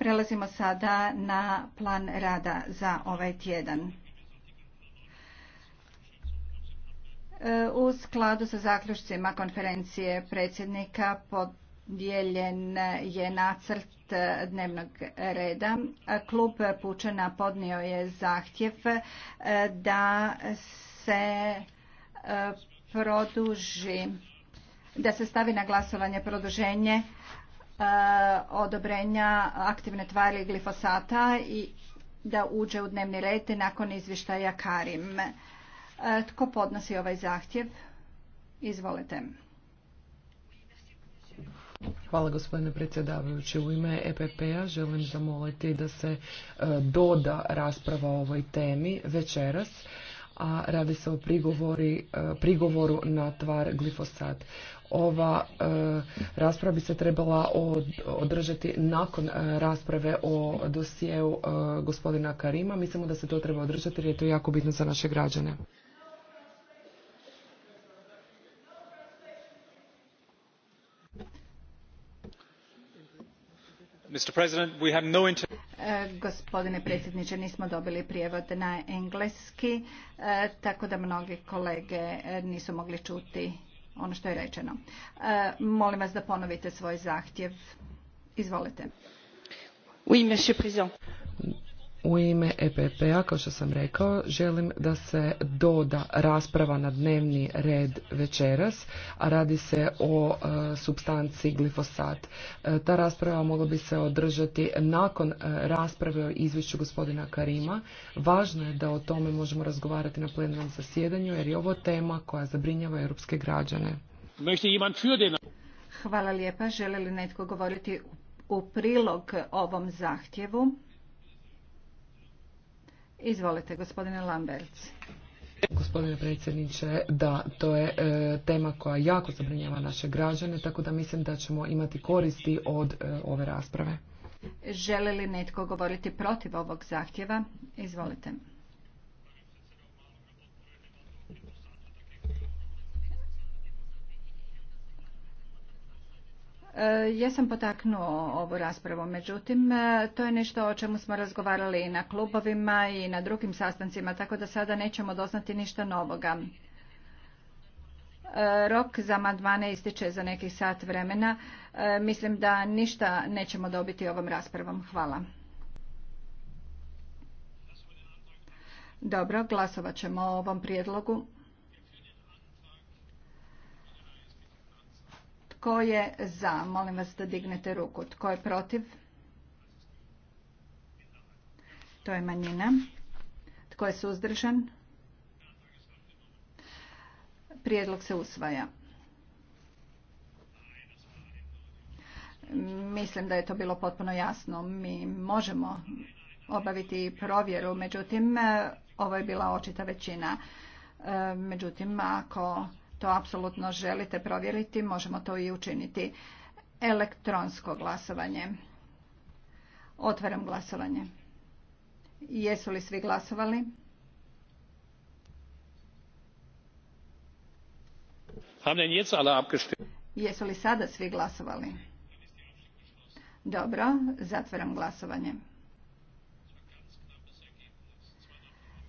Prelazimo sada na plan rada za ovaj tjedan. E, u skladu sa zaključcima konferencije predsjednika podijeljen je nacrt dnevnog reda. Klub Pučana podnio je zahtjev e, da se e, produži da se stavi na glasovanje produženje E, odobrenja aktivne tvari glifosata i da uđe u dnevni red nakon izvještaja Karim. E, tko podnosi ovaj zahtjev? Izvolite. Hvala gospodine predsjedavajući. U ime EPP-a želim zamoliti da se e, doda rasprava o ovoj temi večeras a radi se o prigovori, prigovoru na tvar glifosat ova e, rasprava bi se trebala održati nakon e, rasprave o dosjeu e, gospodina Karima. Mislimo da se to treba održati jer je to jako bitno za naše građane. Mr. President, we have no Gospodine predsjedniče, nismo dobili prijevod na engleski, tako da mnogi kolege nisu mogli čuti ono što je rečeno. E, molim vas da ponovite svoj zahtjev. Izvolite. Oui, monsieur président. U ime EPP-a, kao što sam rekao, želim da se doda rasprava na dnevni red večeras, a radi se o e, glifosat. E, ta rasprava mogla bi se održati nakon e, rasprave o izvješću gospodina Karima. Važno je da o tome možemo razgovarati na plenarnom zasjedanju, jer je ovo tema koja zabrinjava europske građane. Hvala lijepa. Želi li netko govoriti u prilog ovom zahtjevu? Izvolite, gospodine Lambert. Gospodine predsjedniče, da, to je e, tema koja jako zabrinjava naše građane, tako da mislim da ćemo imati koristi od e, ove rasprave. Želi li netko govoriti protiv ovog zahtjeva? Izvolite. E, Jesam potaknuo ovu raspravu, međutim, e, to je nešto o čemu smo razgovarali i na klubovima i na drugim sastancima, tako da sada nećemo doznati ništa novoga. E, rok za amandmane ističe za nekih sat vremena. Mislim da ništa nećemo dobiti ovom raspravom. Hvala. Dobro, glasovat ćemo o ovom prijedlogu. Tko je za? Molim vas da dignete ruku. Tko je protiv? To je manjina. Tko je suzdržan? Prijedlog se usvaja. Mislim da je to bilo potpuno jasno. Mi možemo obaviti provjeru, međutim, ovo je bila očita većina. Međutim, ako to apsolutno želite provjeriti, možemo to i učiniti. Elektronsko glasovanje. Otvaram glasovanje. Jesu li svi glasovali? Jesu li sada svi glasovali? Dobro, zatvaram glasovanje.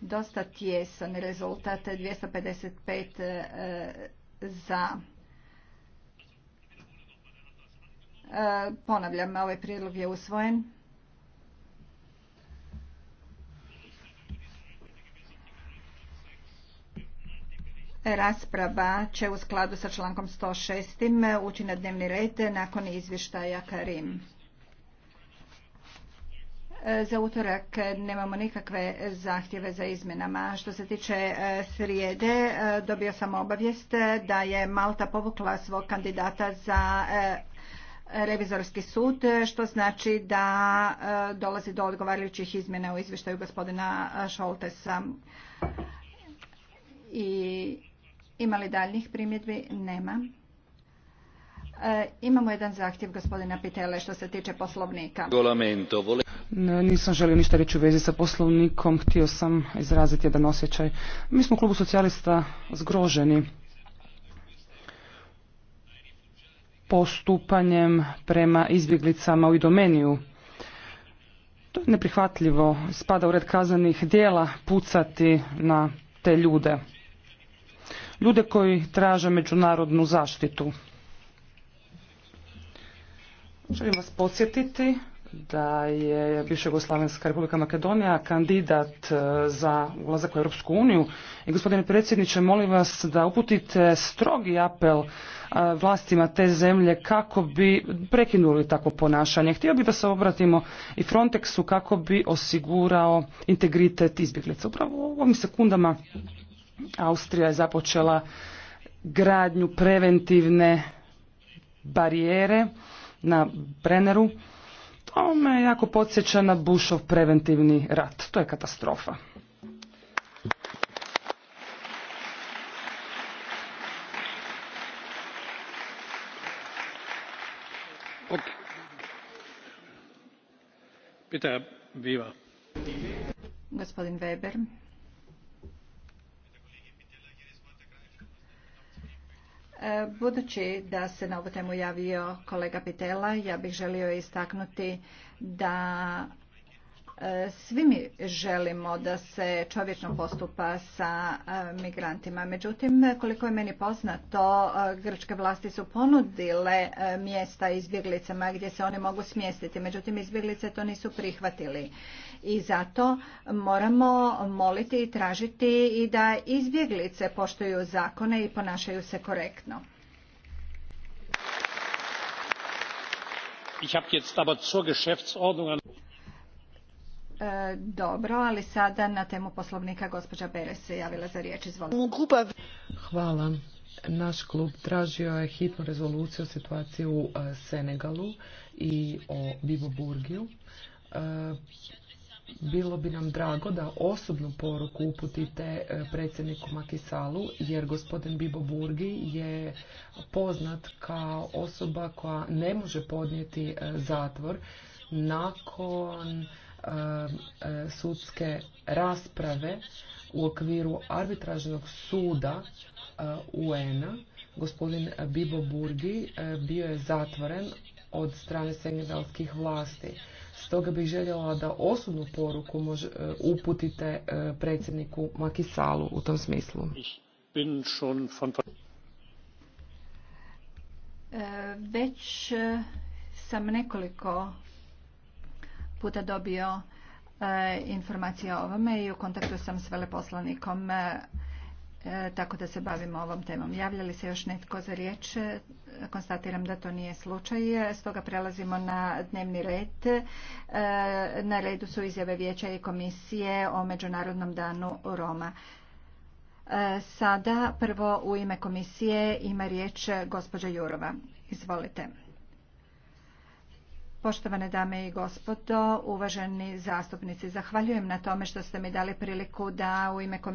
dosta tjesan rezultat 255 e, za e, ponavljam ovaj prijedlog je usvojen Rasprava će u skladu sa člankom 106. ući na dnevni red nakon izvještaja Karim. Za utorak nemamo nikakve zahtjeve za izmjenama. Što se tiče e, srijede, e, dobio sam obavijest da je Malta povukla svog kandidata za e, revizorski sud, što znači da dolazi do odgovarajućih izmjena u izvještaju gospodina Šoltesa. I ima li daljnjih primjedbi? Nema. E, imamo jedan zahtjev gospodina Pitele što se tiče poslovnika. Nisam želio ništa reći u vezi sa poslovnikom, htio sam izraziti jedan osjećaj. Mi smo u klubu socijalista zgroženi postupanjem prema izbjeglicama u idomeniju. To je neprihvatljivo, spada u red kazanih dijela pucati na te ljude. Ljude koji traže međunarodnu zaštitu. Želim vas podsjetiti da je bivša republika Makedonija kandidat e, za ulazak u Europsku uniju. I gospodine predsjedniče, molim vas da uputite strogi apel e, vlastima te zemlje kako bi prekinuli takvo ponašanje. Htio bih da se obratimo i Frontexu kako bi osigurao integritet izbjeglica. Upravo u ovim sekundama Austrija je započela gradnju preventivne barijere na Brenneru, to me jako podsjeća na Bushov preventivni rat. To je katastrofa. Gospodin Weber. E, budući da se na ovu temu javio kolega Pitela, ja bih želio istaknuti da E, svi mi želimo da se čovječno postupa sa e, migrantima. Međutim, koliko je meni poznato, e, grčke vlasti su ponudile mjesta izbjeglicama gdje se oni mogu smjestiti. Međutim, izbjeglice to nisu prihvatili. I zato moramo moliti i tražiti i da izbjeglice poštuju zakone i ponašaju se korektno. Ich habe jetzt aber zur Geschäftsordnung E, dobro, ali sada na temu poslovnika gospođa Beres se javila za riječ. Izvolite. Hvala. Naš klub tražio je hitnu rezoluciju o situaciji u e, Senegalu i o Biboburgiju. E, bilo bi nam drago da osobnu poruku uputite predsjedniku Makisalu, jer gospodin Bibo Burgi je poznat kao osoba koja ne može podnijeti zatvor nakon Eh, sudske rasprave u okviru arbitražnog suda eh, UN-a. Gospodin Bibo Burgi eh, bio je zatvoren od strane senegalskih vlasti. Stoga bih željela da osobnu poruku uputite predsjedniku Makisalu u tom smislu. Već sam nekoliko puta dobio e, informacije o ovome i u kontaktu sam s veleposlanikom e, e, tako da se bavimo ovom temom. Javlja li se još netko za riječ? Konstatiram da to nije slučaj. Stoga prelazimo na dnevni red. Na redu su izjave Vijeća i Komisije o Međunarodnom danu Roma. Sada prvo u ime Komisije ima riječ gospođa Jurova. Izvolite. Poštovane dame i gospodo, uvaženi zastupnici, zahvaljujem na tome što ste mi dali priliku da u ime komisije